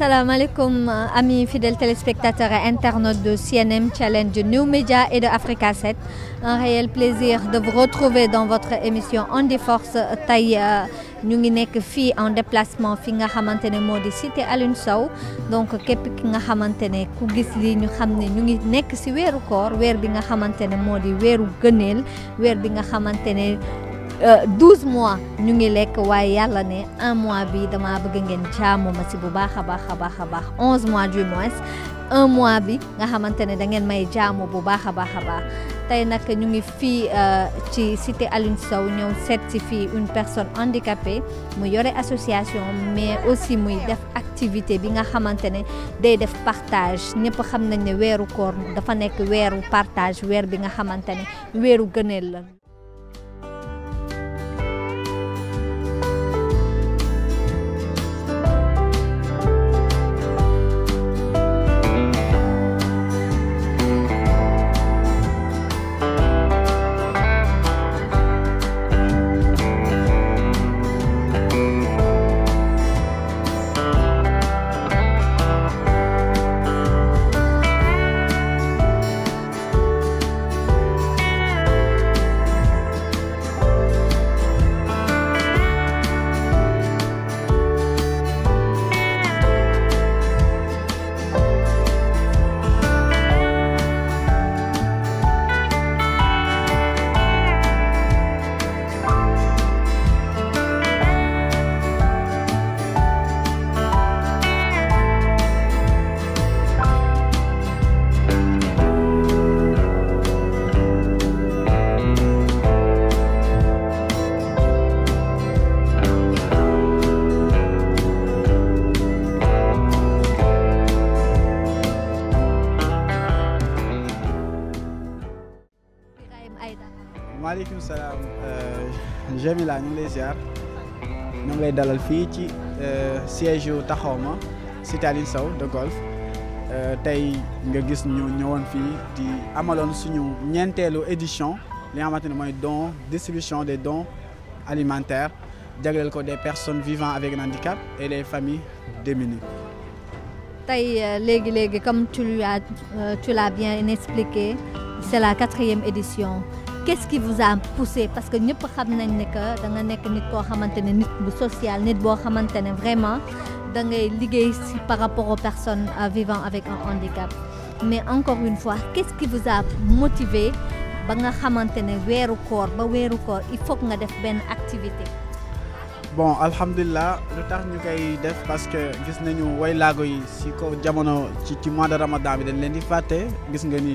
Assalamu alaikum, euh, amis fidèles téléspectateurs et internautes de CNM Challenge New Media et de Africa 7. Un réel plaisir de vous retrouver dans votre émission On des Forces Taille. Euh, ñu ngi nekk en déplacement fi nga xamante cité Alioune Sow donc képp ki nga xamantene a ku gis nous ñu xamné ñu ngi nek ci wéru koor wér bi nga xamantene modi wéru di weeru gëneel weer bi nga xamantene 12 euh, mois ñu ngi lekk waaye yàlla ne un mois bi dama bëgg ngeen jaamu ma si bu baax a baax a baax a baax 11 mois du moins un mois bi nga xamante ne da ngeen may jaamu bu baax a baax a baax tey nag ñu ngi fii euh, ci cité Aline Sow ñëw seet si fii une personne handicapée mu yore association mais aussi muy def activité bi nga xamante ne day def partage ñëpp xam nañ ne weeru koor dafa nekk weeru partage weer bi nga xamante ne weeru gëneel la. waaleykum salam. Euh, Jamila ñu ngi lay ziar ñu ngi lay dalal fii ci euh, siège taxawma taxaw Aline Sow de golf euh, tey nga gis ñu ñëwoon fii di amaloon suñu ñeenteelu édition li nga xamante ne don distribution des dons alimentaires jagleel ko des personnes vivant avec un handicap et les familles démunies. tey léegi léegi comme tu tu l'as bien expliqué c'est la quatrième édition qu'est-ce qui vous a poussé parce que ñëpp xam nañ ne que da nga nekk nit koo xamante ne nit bu social nit boo xamante ne vraiment da ngay liggéey si par rapport aux personnes euh, vivant avec un handicap mais encore une fois qu'est-ce qui vous a motivé ba nga xamante ne weeru koor ba weeru koor il faut nga def benn activité bon alhamdulilah lu tax ñu koy def parce que gis nañu way laago yi si ko jamono ci ci mois de ramadan bi dañ leen di fàtte gis nga ni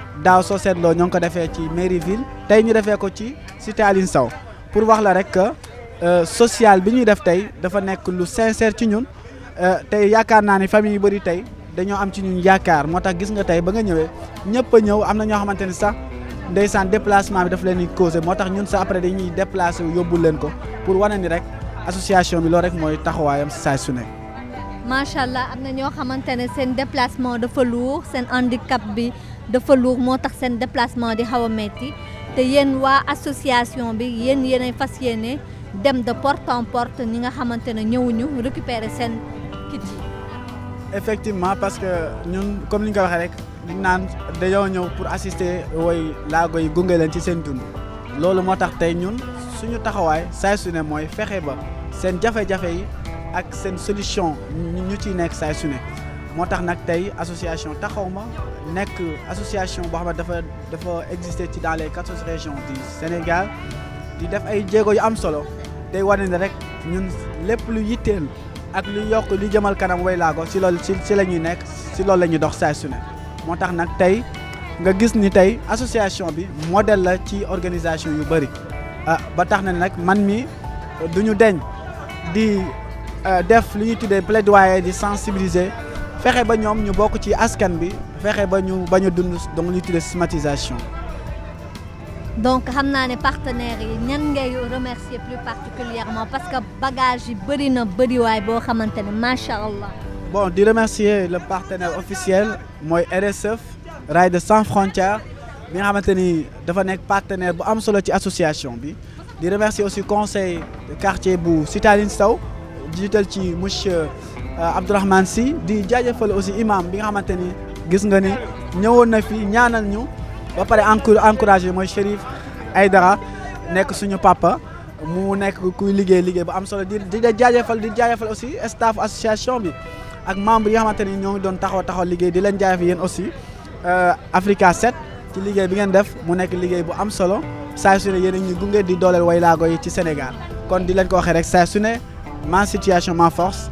daaw soo seetloo ñoo ngi ko mairie ville ñu ko cité pour wax la rek que euh, social bi ñuy def tey dafa nekk lu sincère ci ñun euh, tey yaakaar famille yu bëri tey dañoo am ci ñun gis nga a ñëw am na ñoo sax ndeysaan déplacement bi daf leen pour wane rek association bi rek mooy taxawaayam si su macha allah am na déplacement dafa lourd seen handicap dafa luur moo tax seen déplacement di xaw metti te yéen wa association bi yéen yéenay fas dem de porte en porte ni nga xamantene ne ñu récupérer sen kit effectivement parce que ñun comme ni nga ko waxee rek dañ naan dañoo ñew pour assister way laago yi gunge leen ci sen dund lolu motax tay ñun suñu taxaway say suné moy fexé ba sen jafé jafé yi ak sen solution ñu ci nekk say suné nous Tahoma association Taxawma association qui xam dans les quatre régions du Sénégal am solo nous, pour Nous rek ñun utiles, lu pour ak lu nous, lu nous, kanam way pour ko pour nous, pour nous, pour nous association modèle la organisation Nous bëri nous ah, ba tax na euh, sensibiliser fexe ba ñom ñu bokk ci askan bi fexe ba ñu bañ dund donc li stigmatisation. donc xamna né partenaire yi ñan ngay remercier plus particulièrement parce que bagage yi bëri na way bo xamante ne allah. bon di remercier le partenaire officiel moy RSF Rails de Sans Frontières bi nga xamante dafa nek partenaire bu am solo ci association bi di remercier aussi conseil de quartier bu Cité Aline Sow jiital ci monsieur. Euh, Abdourahmane si di jaajëfal aussi imam bi nga xamante ni gis nga ni ñëwoon na fi ñaanal ñu ba pare encouragé mooy ay dara nekk suñu papa mu nekk kuy liggéey liggéey bu am solo di di jaajëfal di jaajëfal aussi staff association bi ak membre yi nga xamante ñoo ngi doon taxaw taxaw liggéey di leen jaajëfal yéen aussi euh, Africa set ci liggéey bi ngeen def mu nekk liggéey bu am solo saa su ne yéen a ñu gunge di dooleel way laago yi ci Sénégal kon di leen ko waxee rek su ne ma situation ma force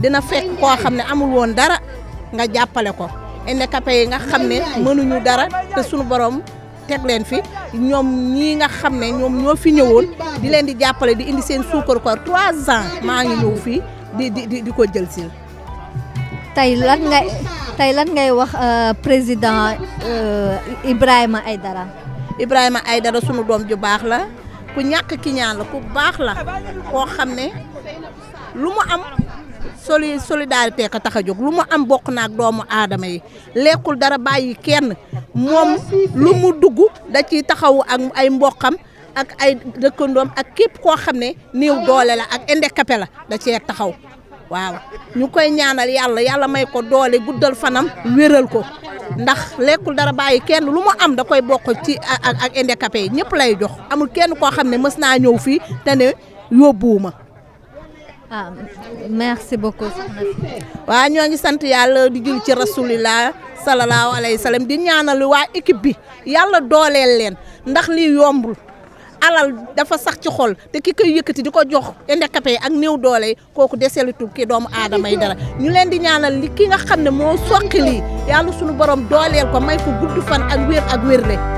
dina fekk ko xamne amul won dara nga jappale ko kape yi nga xamne ne ñu dara te suñu borom tek leen fi ñom ñi nga xamne ñom ño fi ñewoon di leen di jappale di indi seen suukar ko 3 ans ma ngi ñëw fi di di di ko jël ci tay lan ngay tay lan ngay wax euh, président euh, Ibrahima Aidara Ibrahima Aidara suñu doom ju bax la ku ñak ki ñaan la ku bax la ko xamne lu mu am soli solidarité ka tax a jóg lu mu am bokk na ak doomu aadama yi lekkul dara bàyyi kenn moom lu mu dugg da ciy taxaw ak ay mboqam ak ay dëkkandoom ak képp koo xam ne néew doole la ak handicapé la da cee taxaw waaw ñu koy ñaanal yàlla yàlla may ko doole guddal fanam wéral ko ndax lekkul dara bàyyi kenn lu mu am da koy bokk ci ak ak yi ñëpp lay jox amul kenn koo xam ne mës naa ñëw fii te ne yóbbuwuma ah merci waaw ñoo ngi sant yàlla di jul ci rasulillah salallaahu alayhi wa di ñaanal waa équipe bi yàlla dooleel leen ndax lii yombul alal dafa sax ci xol te ki koy yëkkati di ko jox handicapé yi ak néew doole yi kooku deselitu ki doomu aadama yi dara ñu leen di ñaanal li ki nga xam ne moo soqi lii yàlla sunu borom dooleel ko may ko gudd fan ak wér ak wérle.